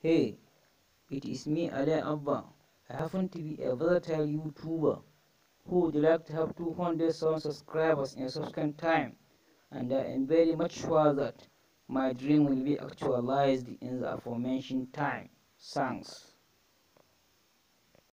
Hey, it is me Ali Abba. I happen to be a versatile YouTuber who would like to have 200 subscribers in a subsequent time and I am very much sure that my dream will be actualized in the aforementioned time. Thanks.